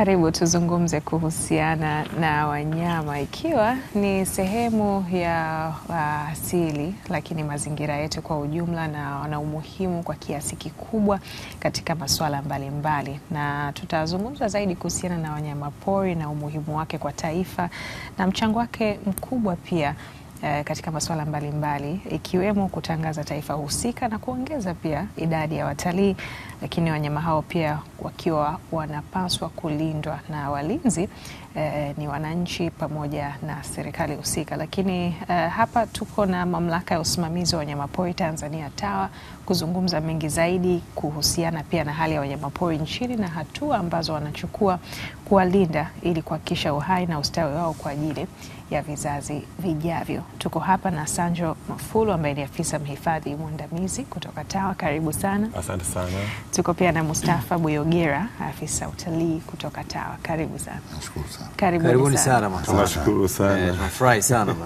Karibu tuzungumze kuhusiana na wanyama, ikiwa ni sehemu ya uh, asili lakini mazingira yetu kwa ujumla, na wana umuhimu kwa kiasi kikubwa katika masuala mbalimbali Na tutazungumza zaidi kuhusiana na wanyama pori na umuhimu wake kwa taifa na mchango wake mkubwa pia eh, katika masuala mbalimbali ikiwemo kutangaza taifa husika na kuongeza pia idadi ya watalii, lakini wanyama hao pia wakiwa wanapaswa kulindwa na walinzi eh, ni wananchi pamoja na serikali husika. Lakini eh, hapa tuko na mamlaka ya usimamizi wa wanyamapori Tanzania TAWA kuzungumza mengi zaidi kuhusiana pia na hali ya wanyamapori nchini na hatua ambazo wanachukua kuwalinda ili kuhakikisha uhai na ustawi wao kwa ajili ya vizazi vijavyo. Tuko hapa na Sanjo Mafulu ambaye ni afisa mhifadhi mwandamizi kutoka TAWA. Karibu sana. Asante sana. Tuko pia na Mustafa Buyogera, afisa utalii kutoka TAWA. Karibu sana. Nashukuru sana. Karibuni sana mwanangu. Tunashukuru sana. Eh, tunafurahi sana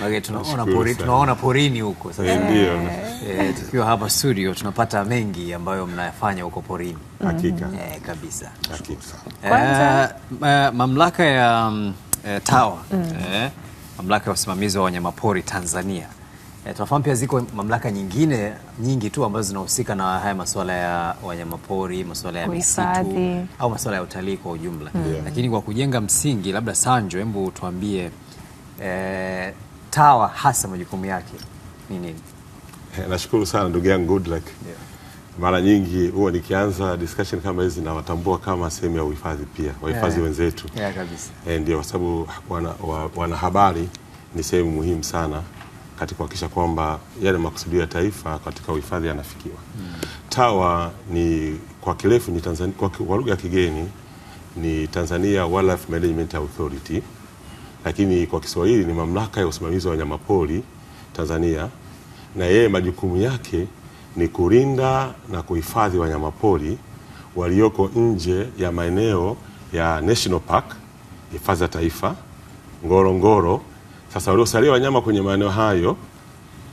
maana tunaona porini, tunaona porini huko sasa. Eh, ndio. Eh. eh, tukiwa hapa studio tunapata mengi ambayo mnayafanya huko porini. Hakika. Eh, kabisa. Hakika. Eh, mamlaka ya mm, TAWA, mm. eh, mamlaka ya usimamizi wa wanyamapori Tanzania Mm. E, tunafahamu pia ziko mamlaka nyingine nyingi tu ambazo zinahusika na haya masuala ya wanyamapori, masuala ya misitu au masuala ya utalii kwa ujumla mm. yeah. Lakini kwa kujenga msingi, labda Sanjo, hebu tuambie e, TAWA hasa majukumu yake ni nini? Eh, nashukuru sana ndugu yangu Goodluck. yeah. Mara nyingi huwa nikianza discussion kama hizi nawatambua kama sehemu ya uhifadhi pia wahifadhi yeah. wenzetu yeah, kabisa. E, ndio kwa sababu wanahabari wana ni sehemu muhimu sana katika kuhakikisha kwamba yale makusudio ya taifa katika uhifadhi yanafikiwa. Mm. TAWA ni kwa kirefu ni Tanzania, kwa lugha ya kigeni ni Tanzania Wildlife Management Authority, lakini kwa Kiswahili ni mamlaka ya usimamizi wa wanyamapori Tanzania, na yeye majukumu yake ni kulinda na kuhifadhi wanyamapori walioko nje ya maeneo ya National Park, hifadhi ya taifa, Ngorongoro sasa waliosalia wanyama kwenye maeneo hayo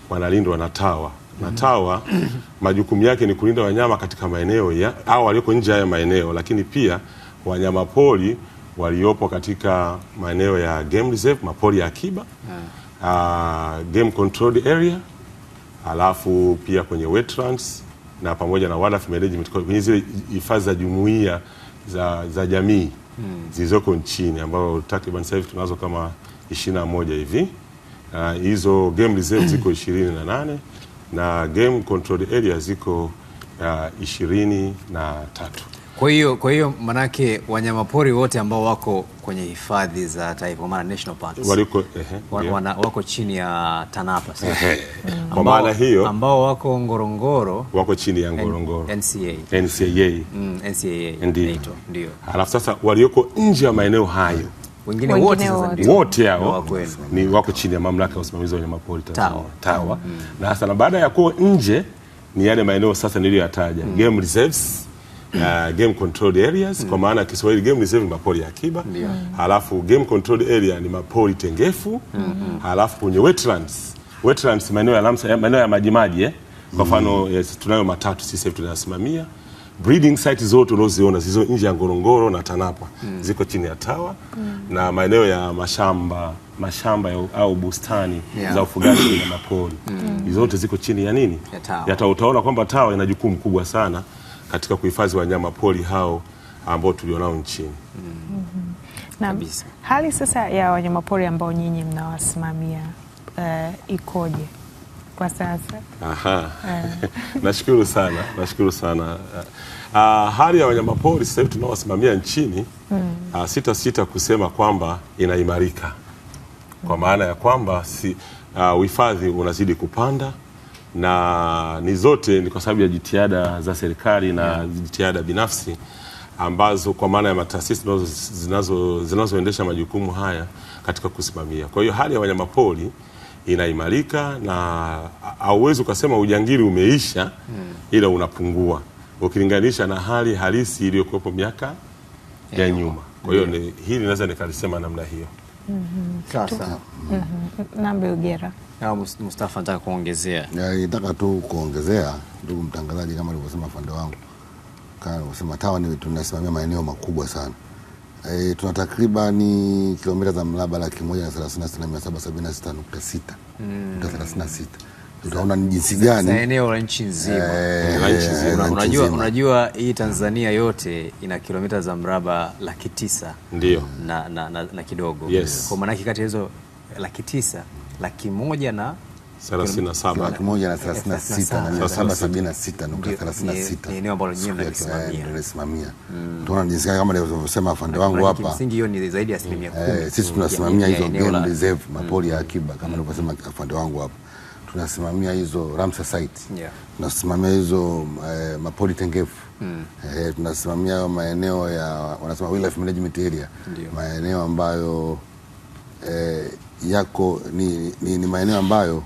wanalindwa na TAWA na mhm. TAWA majukumu yake ni kulinda wanyama katika maeneo ya au walioko nje ya maeneo, lakini pia wanyama pori waliopo katika maeneo ya game reserve, mapori ya akiba uh, game controlled area, alafu pia kwenye wetlands na pamoja na wildlife management kwenye zile hifadhi za jumuiya za, za jamii hmm, zilizoko nchini ambayo takriban sasa hivi tunazo kama 21 hivi hizo uh, game reserve ziko 28 na na game control area ziko uh, ishirini na tatu. Kwa hiyo kwa hiyo manake wanyamapori wote ambao wako kwenye hifadhi za taifa maana national parks waliko, ehe, wa, yeah. wana, wako chini ya TANAPA sasa. Mm. kwa maana hiyo ambao wako Ngorongoro wako chini ya Ngorongoro NCA NCAA, mm, NCAA ndio, ndio. Alafu sasa walioko nje ya maeneo hayo wengine wote sasa wote hao ni wako chini ya mamlaka ya usimamizi wa wanyamapori TAWA, TAWA. Mm. na hasa na baada ya kuwa nje ni yale maeneo sasa niliyoyataja mm. game reserves Uh, game controlled areas mm. Kwa maana ya Kiswahili game reserve ni mapori ya akiba yeah. Mm. Halafu game controlled area ni mapori tengefu mm -hmm. Halafu kwenye wetlands, wetlands maeneo ya maeneo ya maji maji eh? Kwa mm. mfano mm. yes, tunayo matatu sisi hivi mm breeding site zote unaoziona zizo nje ya Ngorongoro na Tanapa mm. ziko chini ya TAWA mm. na maeneo ya mashamba mashamba ya, au bustani yeah. za ufugaji na mapori mm. zote ziko chini ya nini ya TAWA. Utaona kwamba TAWA ina jukumu kubwa sana katika kuhifadhi wanyama pori hao ambao tulionao nchini mm. mm -hmm. na hali sasa ya wanyamapori ambao nyinyi mnawasimamia uh, ikoje? kwa sasa. Aha. Eh. nashukuru sana, nashukuru sana. Uh, hali ya wanyamapori sasa hivi tunaowasimamia nchini mm. uh, sita sita kusema kwamba inaimarika kwa hmm. maana ya kwamba si ah, uhifadhi unazidi kupanda na ni zote ni kwa sababu ya jitihada za serikali na yeah. jitihada binafsi ambazo kwa maana ya taasisi zinazoendesha majukumu haya katika kusimamia. Kwa hiyo hali ya wanyamapori inaimarika na hauwezi ukasema ujangili umeisha hmm. ila unapungua ukilinganisha na hali halisi iliyokuwepo miaka ya yeah. nyuma. Kwa hiyo yeah. hili naweza nikalisema namna hiyo. Mm-hmm. Mm-hmm. Mustafa nataka kuongezea. Nataka tu kuongezea, ndugu mtangazaji, kama alivyosema afande wangu, kama alivyosema TAWA tunasimamia maeneo makubwa sana E, tuna takribani kilomita za mraba laki moja na thelathini na sita na mia saba sabini na sita nukta sita mm. nukta thelathini na sita utaona ni jinsi gani eneo la nchi nzima. Eh, eh, unajua, unajua hii Tanzania yote ina kilomita za mraba laki tisa ndio na, na, na, na kidogo yes. Kwa maanake kati ya hizo laki tisa laki moja na Tunaona kama afande wangu hapa, Sisi tunasimamia hizo reserve, mapori ya akiba kama afande wangu hapa tunasimamia hizo Ramsar site Tunasimamia hizo mapori tengefu tunasimamia maeneo ya wanasema wildlife management area Maeneo ambayo yako ni, ni, ni maeneo ambayo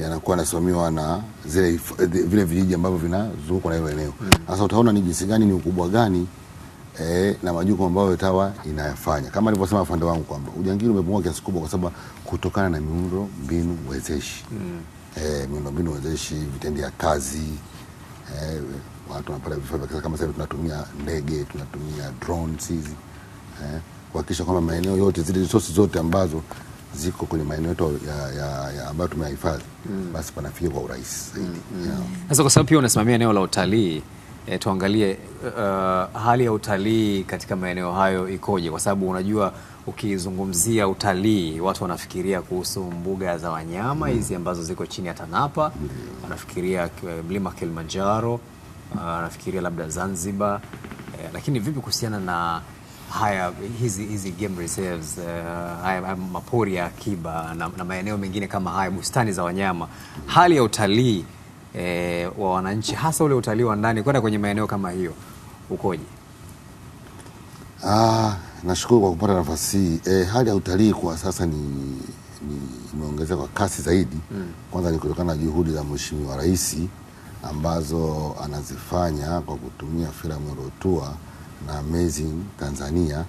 yanakuwa yanasimamiwa na zile vile vijiji ambavyo vinazungukwa na hilo eneo. Sasa mm. utaona ni jinsi gani, ni ukubwa gani E, na majukumu ambayo TAWA inayafanya kama alivyosema afande wangu kwamba ujangili umepungua kiasi kubwa kwa sababu kutokana na miundo mbinu wezeshi mm. E, miundo mbinu wezeshi vitendi ya kazi e, watu wanapata vifaa vya kisasa kama sasa tunatumia ndege tunatumia drones hizi e, kuhakikisha kwamba maeneo yote zile resources zote ambazo ziko kwenye maeneo yetu ambayo tumeyahifadhi mm. basi panafikia kwa urahisi zaidi mm, mm. yeah. Sasa kwa sababu pia unasimamia eneo la utalii E, tuangalie uh, hali ya utalii katika maeneo hayo ikoje, kwa sababu unajua ukizungumzia utalii watu wanafikiria kuhusu mbuga za wanyama mm. hizi mm. ambazo ziko chini ya TANAPA mm. wanafikiria mlima Kilimanjaro, ah, wanafikiria uh, labda Zanzibar eh, lakini vipi kuhusiana na haya hizi, hizi game reserves uh, haya mapori ya akiba na, na maeneo mengine kama haya bustani za wanyama, hali ya utalii eh, wa wananchi hasa ule utalii wa ndani kwenda kwenye maeneo kama hiyo ukoje? Ah, nashukuru kwa kupata nafasi hii. Eh, hali ya utalii kwa sasa ni imeongezeka kwa kasi zaidi mm. Kwanza ni kutokana na juhudi za Mheshimiwa Rais ambazo anazifanya kwa kutumia filamu Rotua na Amazing Tanzania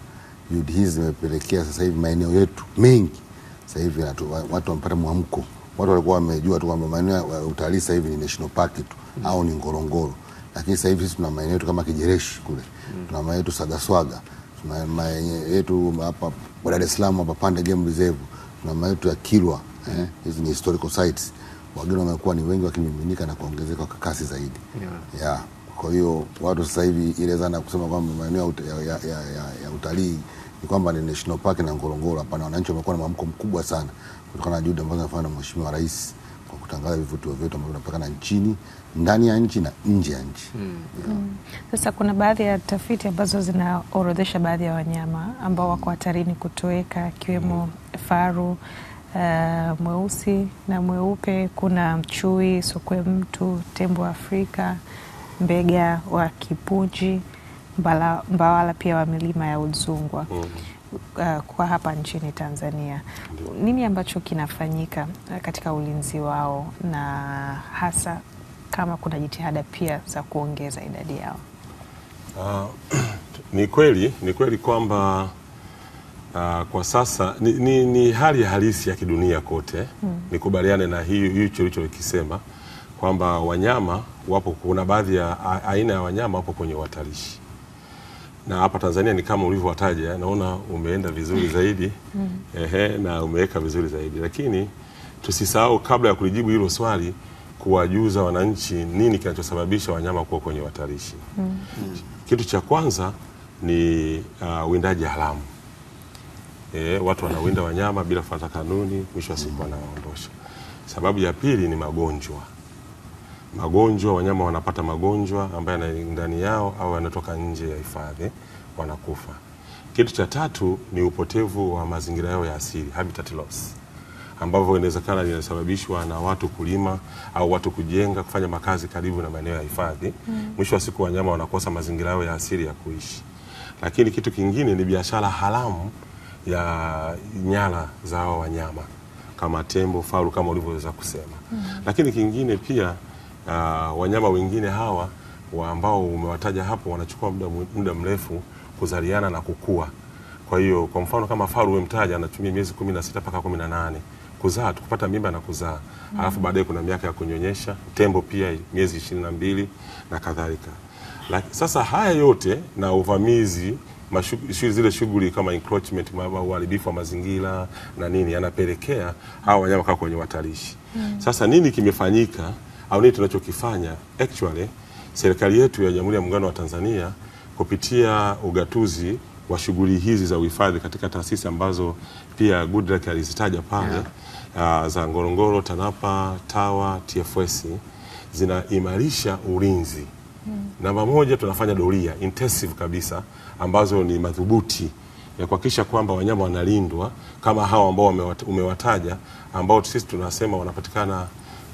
juhudi hizi zimepelekea sasa hivi maeneo yetu mengi sasa hivi watu wamepata mwamko. Watu walikuwa wamejua tu kwamba maeneo ya utalii sasa hivi ni national park tu mm. au ni Ngorongoro, lakini sasa hivi sisi tuna maeneo yetu kama Kijereshi kule mm. tuna maeneo yetu Sagaswaga, tuna maeneo yetu hapa kwa Dar es Salaam hapa Pande Game Reserve, tuna maeneo yetu ya Kilwa eh, hizi ni historical sites. Wageni wamekuwa ni wengi wakimiminika na kuongezeka kwa kasi zaidi yeah. yeah. Kwa hiyo watu sasa hivi ile dhana kusema kwamba maeneo ya, ya, ya, ya, ya utalii ni kwamba ni National Park na Ngorongoro, hapana. Wananchi wamekuwa na mwamko mkubwa sana kutokana na juhudi ambazo zinafanywa na Mheshimiwa Rais kwa kutangaza vivutio vyetu ambavyo vinapatikana nchini, ndani ya nchi na nje ya nchi. Hmm. Hmm. Sasa kuna baadhi ya tafiti ambazo zinaorodhesha baadhi ya wanyama ambao wako hatarini kutoweka akiwemo mm. faru Uh, mweusi na mweupe, kuna mchui sokwe mtu, tembo wa Afrika Mbega wa Kipuji, Mbawala pia wa milima ya Udzungwa mm. Uh, kwa hapa nchini Tanzania mm. Nini ambacho kinafanyika uh, katika ulinzi wao na hasa kama kuna jitihada pia za kuongeza idadi yao? Uh, ni kweli ni kweli kwamba uh, kwa sasa ni, ni, ni hali ya halisi ya kidunia kote mm. Nikubaliane na hiyo hicho ulichokisema kwamba wanyama wapo, kuna baadhi ya aina ya wanyama wapo kwenye uhatarishi na hapa Tanzania ni kama ulivyowataja, naona umeenda vizuri mm. zaidi mm. ehe, na umeweka vizuri zaidi, lakini tusisahau kabla ya kulijibu hilo swali kuwajuza wananchi nini kinachosababisha wanyama kuwa kwenye hatarishi. Mm. Kitu cha kwanza ni uwindaji uh, haramu. E, watu wanawinda wanyama bila kufuata kanuni, mwisho wa siku mm. wanaondosha. Sababu ya pili ni magonjwa magonjwa, wanyama wanapata magonjwa ambayo ndani yao au yanatoka nje ya hifadhi, wanakufa. Kitu cha tatu ni upotevu wa mazingira yao ya asili, habitat loss, ambavyo inawezekana linasababishwa na watu kulima au watu kujenga kufanya makazi karibu na maeneo ya hifadhi. Mm. Mwisho wa siku wanyama wanakosa mazingira yao ya asili ya kuishi. Lakini kitu kingine ni biashara haramu ya nyara za hao wanyama kama tembo, faru kama ulivyoweza kusema. Mm. Lakini kingine pia uh, wanyama wengine hawa wa ambao umewataja hapo wanachukua muda, muda mrefu kuzaliana na kukua. Kwa hiyo kwa mfano kama faru umemtaja anatumia miezi 16 mpaka 18 kuzaa tukupata mimba na kuzaa mm. Alafu baadaye kuna miaka ya kunyonyesha. Tembo pia miezi 22 na kadhalika. na Sasa haya yote na uvamizi mashu, zile shughuli kama encroachment, uharibifu wa mazingira na nini, yanapelekea hawa wanyama kaa kwenye watalishi mm. Sasa nini kimefanyika? au nini tunachokifanya actually serikali yetu ya Jamhuri ya Muungano wa Tanzania kupitia ugatuzi wa shughuli hizi za uhifadhi katika taasisi ambazo pia Goodluck alizitaja pale yeah. uh, za Ngorongoro, TANAPA, TAWA, TFS zinaimarisha ulinzi mm. Namba moja, tunafanya doria intensive kabisa ambazo ni madhubuti ya kuhakikisha kwamba wanyama wanalindwa kama hao ambao umewataja ambao sisi tunasema wanapatikana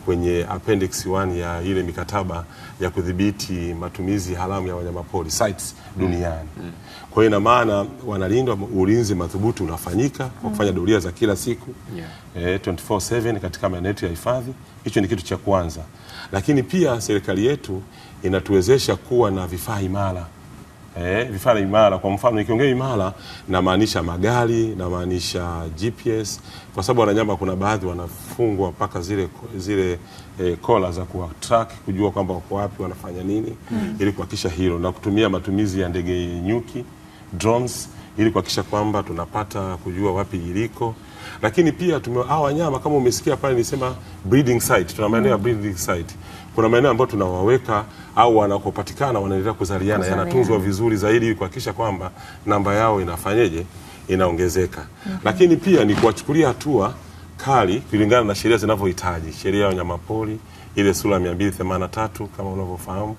kwenye appendix 1 ya ile mikataba ya kudhibiti matumizi haramu ya wanyamapori sites mm. duniani. Mm. Kwa hiyo ina maana wanalindwa, ulinzi madhubuti unafanyika kwa mm. kufanya doria za kila siku yeah. eh, 24/7 katika maeneo yetu ya hifadhi. Hicho ni kitu cha kwanza, lakini pia serikali yetu inatuwezesha kuwa na vifaa imara eh, vifaa imara. Kwa mfano nikiongea imara namaanisha magari, namaanisha GPS, kwa sababu wananyama kuna baadhi wanafungwa mpaka zile zile eh, kola za kuwa track kujua kwamba wako wapi, wanafanya nini mm. ili kuhakikisha hilo na kutumia matumizi ya ndege nyuki drones ili kuhakikisha kwamba tunapata kujua wapi iliko, lakini pia tumewa wanyama kama umesikia pale nisema breeding site, tuna maeneo ya hmm. breeding site kuna maeneo ambayo tunawaweka au wanakopatikana wanaendelea kuzaliana, yanatunzwa vizuri zaidi ili kuhakikisha kwamba namba yao inafanyeje, inaongezeka. mm -hmm. Lakini pia ni kuwachukulia hatua kali kulingana na sheria zinavyohitaji, sheria ya wanyamapori ile sura ya 283 kama unavyofahamu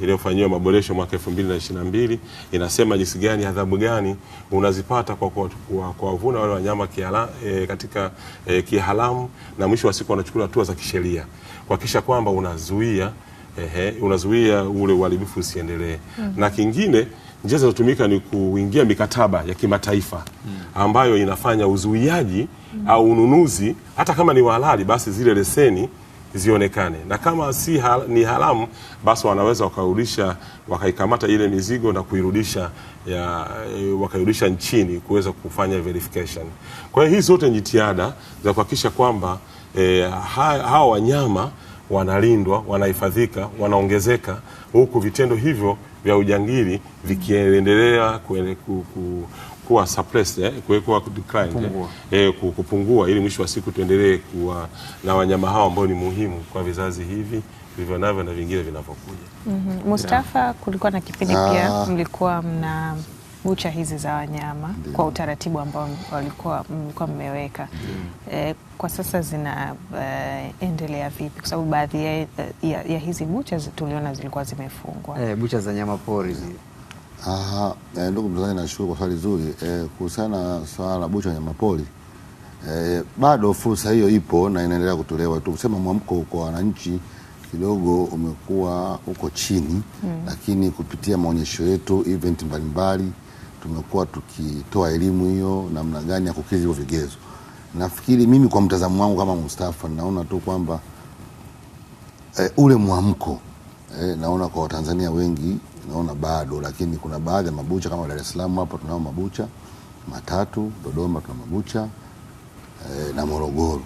iliyofanyiwa maboresho mwaka 2022 inasema jinsi gani adhabu gani unazipata kwa kuwavuna kwa, kwa wale wanyama kiala, e, katika e, kihalamu na mwisho wa siku wanachukua hatua za kisheria kuhakikisha kwamba unazuia ehe, unazuia ule uharibifu usiendelee mm. na kingine njia zinazotumika ni kuingia mikataba ya kimataifa hmm. ambayo inafanya uzuiaji mm. au ununuzi hata kama ni wa halali basi zile leseni zionekane, na kama si hal, ni haramu, basi wanaweza wakarudisha wakaikamata ile mizigo na kuirudisha ya e, wakairudisha nchini kuweza kufanya verification. Kwa hiyo hizi zote jitihada za kuhakikisha kwamba eh, hawa wanyama wanalindwa, wanahifadhika, wanaongezeka huku vitendo hivyo vya ujangili vikiendelea kuwa suppressed eh, kuwekwa decline eh, eh, kupungua ili mwisho wa siku tuendelee kuwa na wanyama hao ambao ni muhimu kwa vizazi hivi vilivyo navyo na vingine vinavyokuja. mm -hmm. Mustafa, yeah. kulikuwa na kipindi ah. pia mlikuwa mna bucha hizi za wanyama Deo. kwa utaratibu ambao walikuwa mlikuwa mmeweka e, kwa sasa zinaendelea eh, uh, vipi? Kwa sababu baadhi ya, ya, ya hizi bucha tuliona zilikuwa zimefungwa e, bucha za nyama pori zile Aha, eh, ndugu mtazamaji nashukuru kwa swali zuri eh, kuhusiana na swala la bucha wanyamapori eh, bado fursa hiyo ipo na inaendelea kutolewa. kusema mwamko kwa wananchi kidogo umekuwa uko chini mm, lakini kupitia maonyesho yetu event mbalimbali tumekuwa tukitoa elimu hiyo, namna gani ya kukidhi hivyo vigezo. Nafikiri mimi kwa mtazamo wangu kama Mustafa naona tu kwamba eh, ule mwamko eh, naona kwa Watanzania wengi tunaona bado, lakini kuna baadhi ya mabucha kama Dar es Salaam hapo tunao mabucha matatu, Dodoma tuna mabucha e, na Morogoro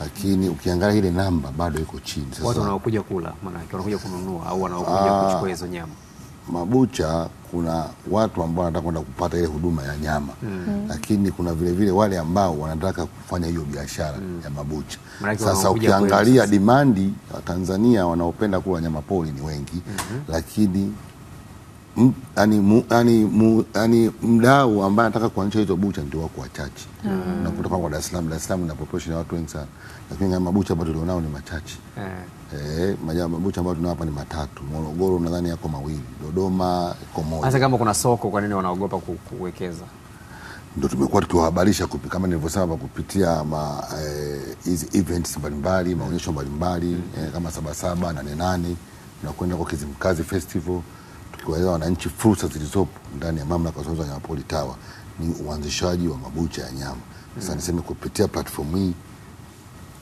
lakini ukiangalia ile namba bado iko chini. Sasa watu wanaokuja kula, maana wanakuja kununua au wanaokuja ah, kuchukua hizo nyama mabucha, kuna watu ambao wanataka kwenda kupata ile huduma ya nyama mm. mm. Lakini kuna vile vile wale ambao wanataka kufanya hiyo biashara mm. ya mabucha. Sasa ukiangalia demandi wa Tanzania wanaopenda kula nyama pori ni wengi mm -hmm. lakini yani yani, yani, mdau ambaye anataka kuanzisha hizo bucha ndio wako wachache. Mm. na kutoka kwa Dar es Salaam, Dar es Salaam na proportion ya watu wengi sana, lakini kama bucha ambayo tulionao ni machache. mm. Eh, majama mabucha ambayo tunao hapa ni matatu. Morogoro nadhani yako mawili, Dodoma iko moja. Sasa kama kuna soko, kwa nini wanaogopa kuwekeza? Ndio tumekuwa tukiwahabarisha kupi, kama nilivyosema hapa, kupitia ma eh, hizi eh, events mbalimbali, maonyesho mbalimbali mm. eh, kama Sabasaba, Nane na kwenda kwa Kizimkazi Festival tukiwaeleza wananchi fursa zilizopo ndani ya mamlaka ya usimamizi wa wanyamapori TAWA ni uanzishaji wa mabucha ya nyama. Sasa hmm. niseme kupitia platform hii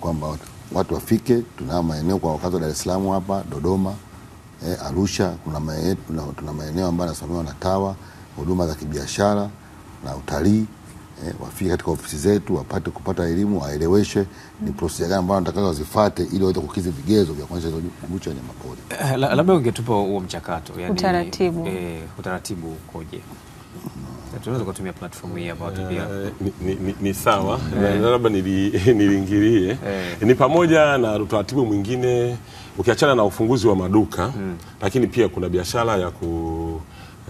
kwamba watu wafike, tuna maeneo kwa wakazi wa Dar es Salaam hapa, Dodoma, eh, Arusha, kuna maeneo, tuna maeneo ambayo yanasimamiwa na TAWA, huduma za kibiashara na utalii eh, wafike katika ofisi zetu wapate kupata elimu, waeleweshe ni procedure gani ambayo nataka wazifate ili waweze kukidhi vigezo vya kuanzisha bucha ya wanyamapori. labda ungetupa huo mchakato yani, utaratibu eh, utaratibu ukoje? tunaweza kutumia platform hii hapa watu eh, pia ni sawa, eh. labda niliingilie eh. ni pamoja na utaratibu mwingine ukiachana na ufunguzi wa maduka, hmm. lakini pia kuna biashara ya ku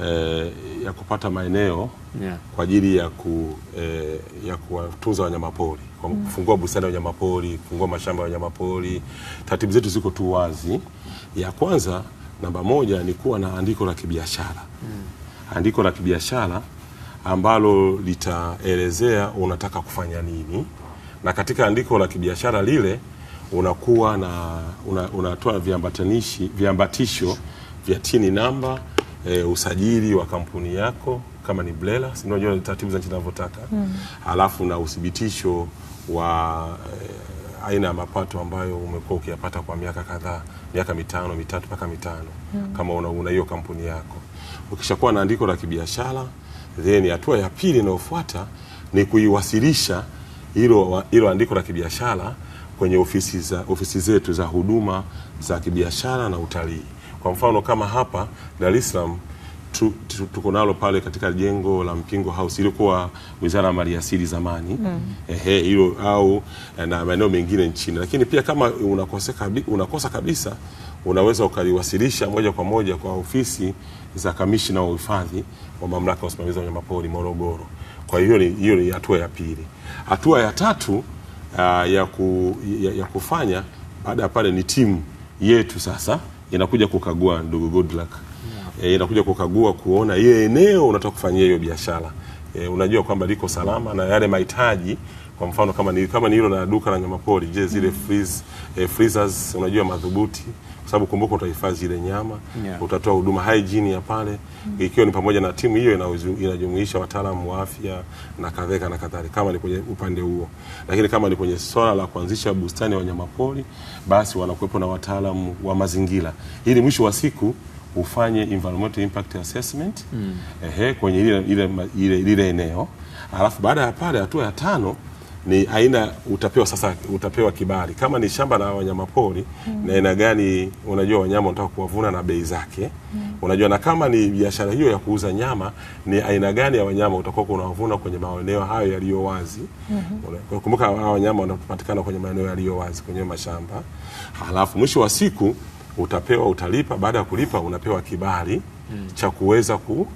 eh, ya kupata maeneo yeah. kwa ajili ya, ku, eh, ya kuwatunza wanyamapori kwa mm. kufungua bustani ya wanyamapori, kufungua mashamba ya wanyamapori. Taratibu zetu ziko tu wazi. Ya kwanza namba moja ni kuwa na andiko la kibiashara mm. andiko la kibiashara ambalo litaelezea unataka kufanya nini, na katika andiko la kibiashara lile unakuwa na unatoa una viambatanishi viambatisho vya tini namba e, usajili wa kampuni yako kama ni blela, si unajua taratibu za nchi zinavyotaka mm. Alafu na uthibitisho wa e, aina ya mapato ambayo umekuwa ukiyapata kwa miaka kadhaa, miaka mitano mitatu mpaka mitano mm. Kama una hiyo kampuni yako, ukishakuwa na andiko la kibiashara, then hatua ya pili inayofuata ni kuiwasilisha hilo hilo andiko la kibiashara kwenye ofisi za ofisi zetu za huduma za kibiashara na utalii. Kwa mfano kama hapa Dar es Salaam tuko tu, nalo pale katika jengo la Mpingo House ilikuwa Wizara ya Maliasili zamani mm. Ehe, au eh, na maeneo mengine nchini, lakini pia kama unakosa kabisa, unakosa kabisa unaweza ukaliwasilisha moja kwa moja kwa ofisi za kamishna wa uhifadhi wa mamlaka ya usimamizi wa wanyamapori Morogoro. Kwa hiyo hiyo ni hatua ya pili. Hatua ya tatu uh, ya, ku, ya, ya kufanya baada ya pale ni timu yetu sasa inakuja kukagua ndugu Goodluck yeah. E, inakuja kukagua kuona ile eneo unataka kufanyia hiyo biashara e, unajua kwamba liko salama na yale mahitaji kwa mfano kama ni kama ni hilo na duka la nyamapori, je, zile mm. freeze, eh, freezers unajua madhubuti sababu kumbuka, utahifadhi ile nyama yeah. Utatoa huduma hygiene ya pale mm -hmm. Ikiwa ni pamoja na timu hiyo inajumuisha wataalamu wa afya na kadhalika na kadhalika, kama ni kwenye upande huo. Lakini kama ni kwenye swala la kuanzisha bustani ya wanyamapori, basi wanakuwepo na wataalamu wa mazingira, ili mwisho wa siku ufanye environmental impact assessment mm -hmm. Ehe, kwenye lile eneo, alafu baada ya pale, hatua ya tano ni aina utapewa sasa, utapewa kibali kama ni shamba la wanyamapori mm. na aina gani, unajua wanyama unataka kuwavuna na bei zake mm. unajua, na kama ni biashara hiyo ya kuuza nyama, ni aina gani ya wanyama utakuwa unawavuna kwenye maeneo hayo yaliyo wazi mm -hmm. Kumbuka hao wanyama wanapatikana kwenye maeneo yaliyo wazi kwenye mashamba, halafu mwisho wa siku utapewa, utalipa. Baada ya kulipa, unapewa kibali mm. cha kuweza ku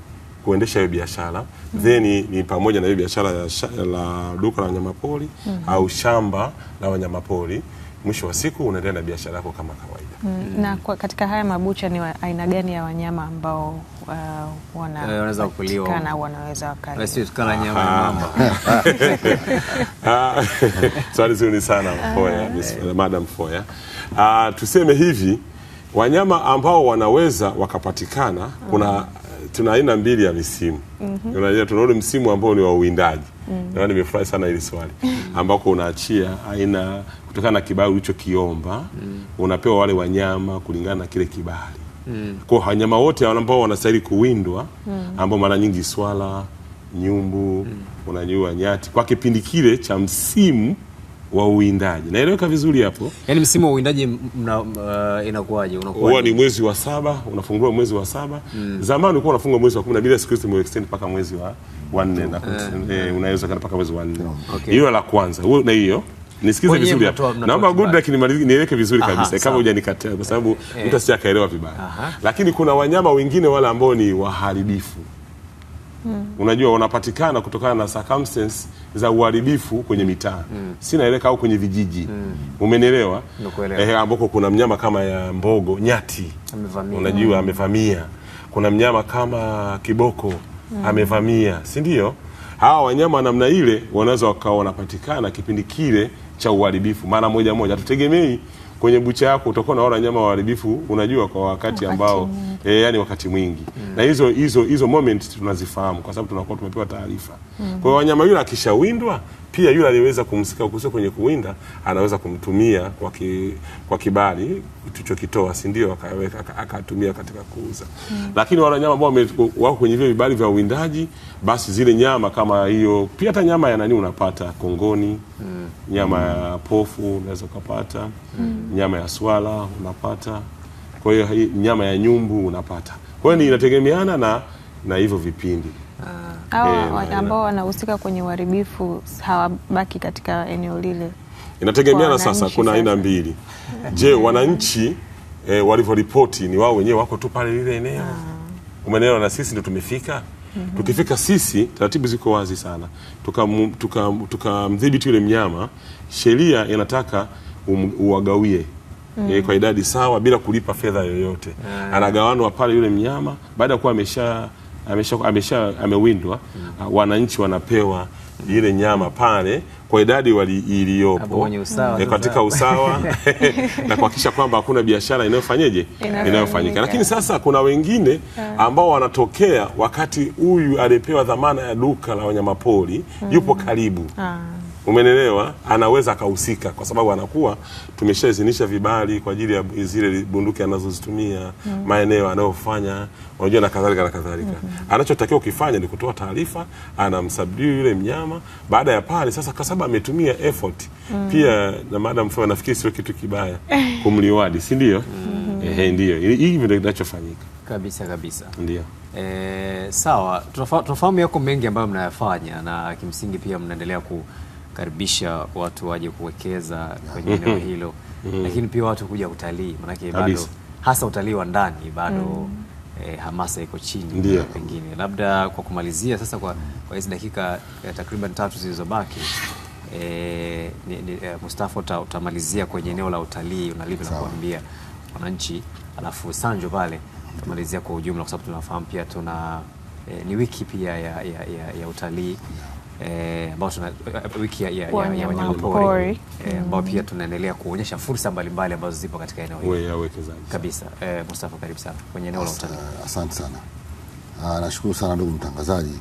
kuendesha hiyo biashara mm. then ni pamoja na hiyo biashara ya la duka la wanyamapori mm. au shamba la wanyamapori mwisho wa siku unaendelea na biashara yako kama kawaida mm. Mm. na kwa, katika haya mabucha ni aina gani ya wanyama ambao uh, eh, wanaweza kuliwa wanaweza ah, swali zuri sana Madam Foya. Uh, tuseme hivi wanyama ambao wanaweza wakapatikana kuna mm tuna aina mbili ya misimu mm -hmm. Unajua tuna ule msimu ambao ni wa uwindaji mm -hmm. Na nimefurahi sana hili swali mhm. ambako unaachia aina kutokana na kibali ulichokiomba mm -hmm. Unapewa wale wanyama kulingana na kile kibali mm -hmm. Kwa wanyama wote ambao wanastahili kuwindwa mm -hmm. Ambao mara nyingi swala, nyumbu mm -hmm. Unajua nyati kwa kipindi kile cha msimu wa uwindaji. Naeleweka vizuri hapo? Yaani msimu wa uwindaji uh, inakuwaje? Unakuwa huwa ni mwezi wa saba, unafungua mwezi wa saba. Mm. Zamani ulikuwa unafunga mwezi wa 12, siku hizi extend mpaka mwezi wa 4 na eh, eh unaweza kana mpaka mwezi wa 4. Okay. Hiyo la kwanza. Huo na hiyo Nisikize vizuri hapo. Naomba good luck nieleke vizuri kabisa kama hujanikataa kwa sababu eh. mtu asijakaelewa vibaya. Lakini kuna wanyama wengine wale ambao ni waharibifu mm. unajua wanapatikana kutokana na circumstances za uharibifu kwenye hmm. mitaa mm. sinaeleka au kwenye vijiji mm. umenielewa eh, ambako kuna mnyama kama ya mbogo nyati amevamia. unajua hmm. amevamia kuna mnyama kama kiboko mm. amevamia si ndio hawa wanyama namna ile wanaweza wakawa wanapatikana kipindi kile cha uharibifu mara moja moja hatutegemei kwenye bucha yako utakuwa unaona nyama waharibifu, unajua kwa wakati ambao e, yani wakati mwingi mm. na hizo hizo hizo moment tunazifahamu kwa sababu tunakuwa tumepewa taarifa mm -hmm. kwa hiyo wanyama yule akishawindwa pia yule aliyeweza kumsikia kuhusu kwenye kuwinda anaweza kumtumia kwa, ki, kwa kibali tulichokitoa, si ndio? Akaweka akatumia katika kuuza mm. Lakini wale nyama ambao wako kwenye vile vibali vya uwindaji, basi zile nyama kama hiyo, pia hata nyama ya nani unapata kongoni mm. nyama ya pofu unaweza ukapata mm. nyama ya swala unapata, kwa hiyo nyama ya nyumbu unapata. Kwa hiyo inategemeana na na hivyo vipindi. Eh, ambao wanahusika kwenye uharibifu hawabaki katika eneo lile. Inategemeana sasa, kuna aina mbili. Je, wananchi e, walivyoripoti ni wao wenyewe wako tu pale lile eneo, ah. umeelewa? Na sisi ndo tumefika Mm -hmm. Tukifika sisi taratibu ziko wazi sana, tukamdhibiti tuka, tuka yule mnyama, sheria inataka um, uwagawie mm -hmm. e, kwa idadi sawa bila kulipa fedha yoyote mm -hmm. Anagawanwa pale yule mnyama baada ya kuwa amesha amesha, amesha amewindwa mm. uh, wananchi wanapewa ile nyama pale kwa idadi iliyopo e, katika usawa na kuhakikisha kwamba hakuna biashara inayofanyeje inayofanyika. Lakini sasa kuna wengine ambao wanatokea wakati huyu aliyepewa dhamana ya duka la wanyamapori mm. yupo karibu ah umenelewa, anaweza akahusika kwa sababu anakuwa tumeshaidhinisha vibali kwa ajili ya zile bunduki anazozitumia mm -hmm. maeneo anayofanya unajua, na kadhalika na kadhalika mm -hmm. Anachotakiwa kufanya ni kutoa taarifa, anamsubdue yule mnyama. Baada ya pale sasa, kwa sababu ametumia effort mm -hmm. pia na madam Flora, nafikiri sio kitu kibaya kumliwadi, si ndio? mm -hmm. Ehe, ndio hii ndio kinachofanyika kabisa kabisa, ndio. E, sawa, tunafahamu yako mengi ambayo mnayafanya na kimsingi pia mnaendelea ku kukaribisha watu waje kuwekeza kwenye eneo hilo mm. lakini pia watu kuja utalii, manake bado hasa utalii wa ndani bado mm. eh, hamasa iko chini. Pengine labda kwa kumalizia sasa kwa kwa hizi dakika eh, takriban tatu zilizobaki eh, eh, Mustafa uta, utamalizia kwenye eneo la utalii unalipi na kuambia wananchi, alafu Sanjo pale utamalizia kwa ujumla, kwa sababu tunafahamu pia tuna eh, ni wiki pia ya, ya, ya, ya utalii Eh, ambao tuna eh, wiki ya, ya, ya, ya wanyamapori eh, ambao mm. pia tunaendelea kuonyesha fursa mbalimbali ambazo zipo katika eneo hili kabisa. E, Mustafa, karibu sana kwenye eneo la utalii. Asante sana, ah, nashukuru sana ndugu mtangazaji.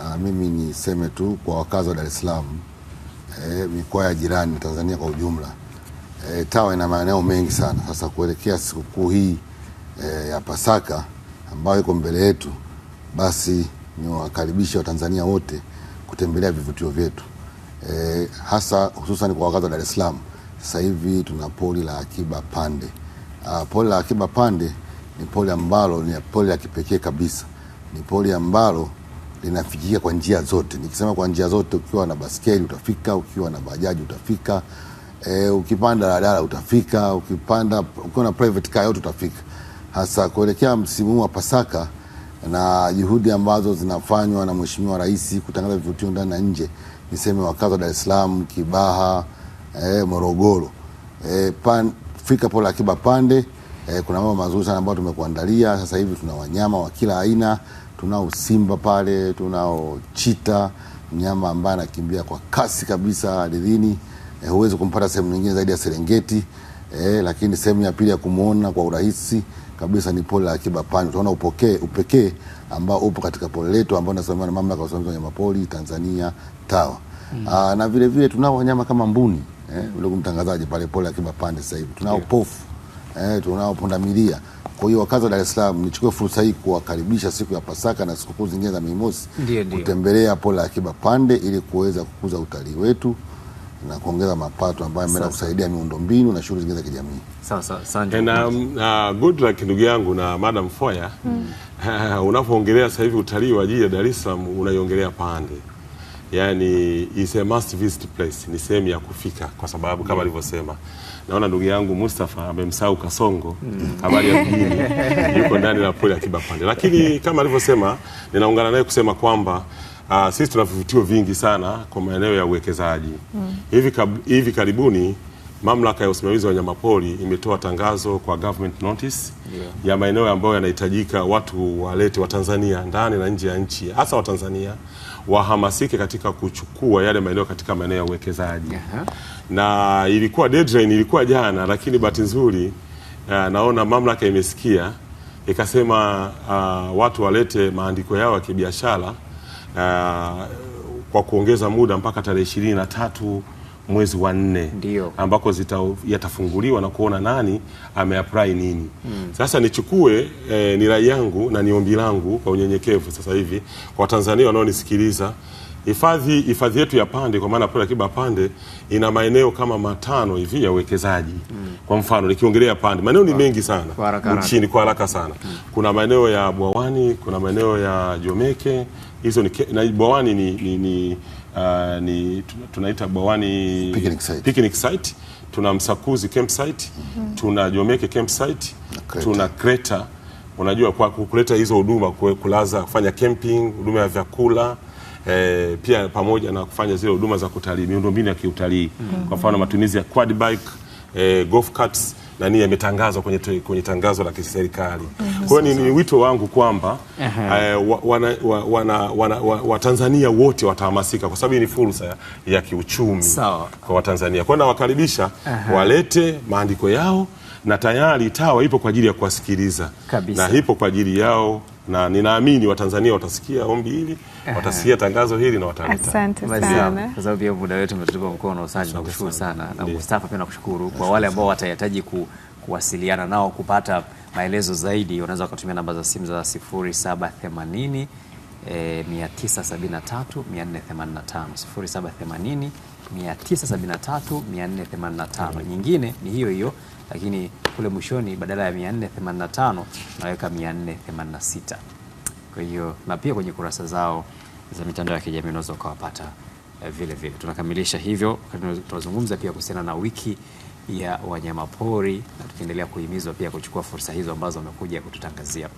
Aa, ah, mimi niseme tu kwa wakazi wa Dar es Salaam e, mikoa ya jirani na Tanzania kwa ujumla e, TAWA ina maeneo mengi sana. Sasa kuelekea sikukuu hii e, ya Pasaka ambayo iko mbele yetu, basi niwakaribishe Watanzania wote kutembelea vivutio vyetu e, hasa hususan kwa wakazi wa Dar es Salaam. Sasa hivi tuna poli la akiba Pande. Uh, poli la akiba Pande ni poli ambalo ni poli la kipekee kabisa, ni poli ambalo linafikika kwa njia zote. Nikisema kwa njia zote, ukiwa na baskeli utafika, ukiwa na bajaji utafika, e, ukipanda daladala utafika, ukipanda ukiwa na private car yote utafika. Hasa kuelekea msimu wa Pasaka na juhudi ambazo zinafanywa na Mheshimiwa Rais kutangaza vivutio ndani na nje, niseme wakazi wa Dar es Salaam, Kibaha, eh, Morogoro, eh, pan, fika Pole Akiba Pande eh, kuna mambo mazuri sana ambayo tumekuandalia. Sasa hivi tuna wanyama wa kila aina, tunao simba pale, tunao chita, mnyama ambaye anakimbia kwa kasi kabisa ardhini, eh, huwezi kumpata sehemu nyingine zaidi ya Serengeti. Eh, lakini sehemu ya pili ya kumwona kwa urahisi kabisa ni pori la Akiba Pande. Utaona upokee upekee ambao upo katika pori letu ambao unasimamiwa na Mamlaka ya Usimamizi wa Wanyamapori Tanzania TAWA. Mm. Aa, ah, na vile vile tunao wanyama kama mbuni eh, ule mtangazaji pale pori la Akiba Pande sasa hivi. Tunao yeah. pofu eh, tunao pundamilia. Kwa hiyo wakazi wa Dar es Salaam, nichukue fursa hii kuwakaribisha siku ya Pasaka na sikukuu zingine za Mei Mosi kutembelea pori la Akiba Pande ili kuweza kukuza utalii wetu na kuongeza mapato ambayo yameenda kusaidia miundombinu na shughuli zingine za kijamii. Sasa Sanjo. Eh, na uh, good luck ndugu yangu na Madam Foya. Mm. Unapoongelea sasa hivi utalii wa jiji la Dar es Salaam unaiongelea pande. yani is a must visit place, ni sehemu ya kufika kwa sababu kama hmm. alivyosema. Naona ndugu yangu Mustafa amemsahau Kasongo habari mm. ya mjini. Yuko ndani la pole akiba pande, Lakini kama alivyosema ninaungana naye kusema kwamba Uh, sisi tuna vivutio vingi sana kwa maeneo ya uwekezaji mm. Hivi, hivi karibuni mamlaka ya usimamizi wa wanyamapori imetoa tangazo kwa government notice yeah, ya maeneo ambayo yanahitajika watu walete Watanzania ndani na nje ya nchi, hasa Watanzania wahamasike katika kuchukua yale maeneo katika maeneo ya uwekezaji uh -huh. Na ilikuwa deadline ilikuwa jana, lakini bahati nzuri uh, naona mamlaka imesikia ikasema, uh, watu walete maandiko yao ya kibiashara uh, kwa kuongeza muda mpaka tarehe ishirini na tatu mwezi wa nne ambako zita, yatafunguliwa na kuona nani ameapply nini. Mm. Sasa nichukue eh, ni rai yangu na ni ombi langu kwa unyenyekevu sasa hivi kwa Watanzania wanaonisikiliza hifadhi hifadhi yetu ya Pande kwa maana pori akiba Pande ina maeneo kama matano hivi ya uwekezaji mm. Kwa mfano nikiongelea Pande maeneo ni mengi sana nchini kwa haraka sana mm. Kuna maeneo ya Bwawani, kuna maeneo ya Jomeke, hizo ni na bwawani ni, ni, ni, uh, ni tunaita bwawani picnic site, picnic site. Tuna Msakuzi campsite mm -hmm. tuna Jomeke campsite na tuna Kreta unajua kwa kuleta hizo huduma kulaza, kufanya camping, huduma ya vyakula e, pia pamoja na kufanya zile huduma za kutalii, miundombinu ya kiutalii mm -hmm. kwa mfano matumizi ya quad bike, e, golf carts nani yametangazwa kwenye, kwenye tangazo la kiserikali. Mhm. Kwa hiyo ni wito wangu kwamba eh, Watanzania wote watahamasika, kwa sababu hii ni fursa ya kiuchumi kwa Watanzania. Kwa hiyo nawakaribisha walete maandiko yao na tayari TAWA ipo kwa ajili ya kuwasikiliza na ipo kwa ajili yao na ninaamini Watanzania watasikia ombi hili, watasikia tangazo hili na wataleta. Asante sana kwa sababu pia muda wetu umetutupa mkono. Osage, nakushukuru sana na Mustafa pia nakushukuru. Kwa wale ambao watahitaji ku, kuwasiliana nao kupata maelezo zaidi, wanaweza wakatumia namba za simu za 0780 eh, 973 485 0780 973 485. Nyingine ni hiyo hiyo lakini kule mwishoni badala ya 485 naweka 486. Kwa hiyo na pia kwenye kurasa zao za mitandao ya kijamii unaweza ukawapata eh, vile vile. Tunakamilisha hivyo, tunazungumza pia kuhusiana na wiki ya wanyamapori na tukiendelea kuhimizwa pia kuchukua fursa hizo ambazo wamekuja kututangazia.